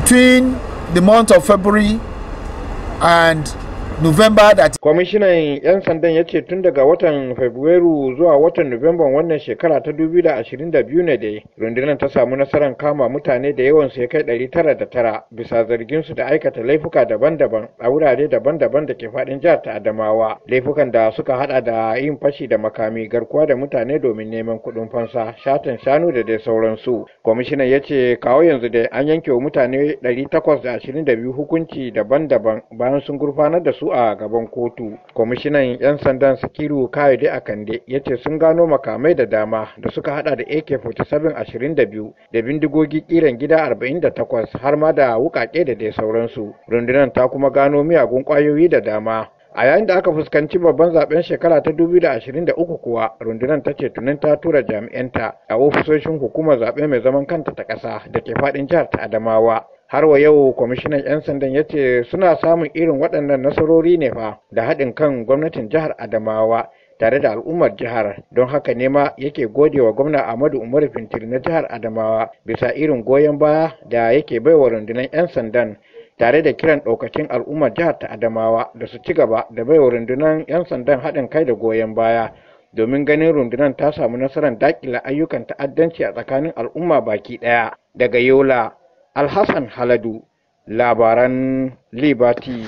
between the month of February and November that Kwamishinan 'yan sandan ya ce tun daga watan Fabrairu zuwa watan november wannan shekara ta 2022 ne dai rundunar ta samu nasarar kama mutane da yawan su ya kai 909 bisa zargin su da aikata laifuka daban-daban a wurare daban-daban da ke faɗin jihar ta Adamawa. Laifukan da suka hada da yin fashi da makami garkuwa da mutane domin neman kuɗin fansa, shatan shanu da dai sauransu. Kwamishinan ya ce kawo yanzu dai an yanke wa mutane 822 hukunci daban-daban bayan sun gurfanar da su su a gaban kotu kwamishinan 'yan sandan sikiru da akande ya ce sun gano makamai da dama da suka hada da ak-47 22 da bindigogi kiran gida 48 har ma da wukake da dai sauransu rundunar ta kuma gano miyagun kwayoyi da dama a yayin da aka fuskanci babban zaben shekara ta 2023 kuwa rundunar ta ce tunin ta tura jami'anta a ofisoshin hukumar zaɓe mai zaman kanta ta ƙasa da ke faɗin jihar ta adamawa har wa yau kwamishinan 'yan sandan ya ce suna samun irin waɗannan nasarori ne fa da haɗin kan gwamnatin jihar adamawa tare da al'ummar jihar don haka ne ma yake gode wa gwamna Ahmadu Umaru fintil na jihar Adamawa bisa irin goyon baya da yake baiwa rundunar 'yan sandan tare da kiran ɗaukacin al'ummar jihar ta Adamawa da su ci gaba da baiwa rundunar 'yan sandan haɗin kai da goyon baya domin ganin rundunar ta samu nasarar daƙila ayyukan ta'addanci a tsakanin al'umma baki ɗaya daga Yola Alhassan Haladu, labaran Liberty.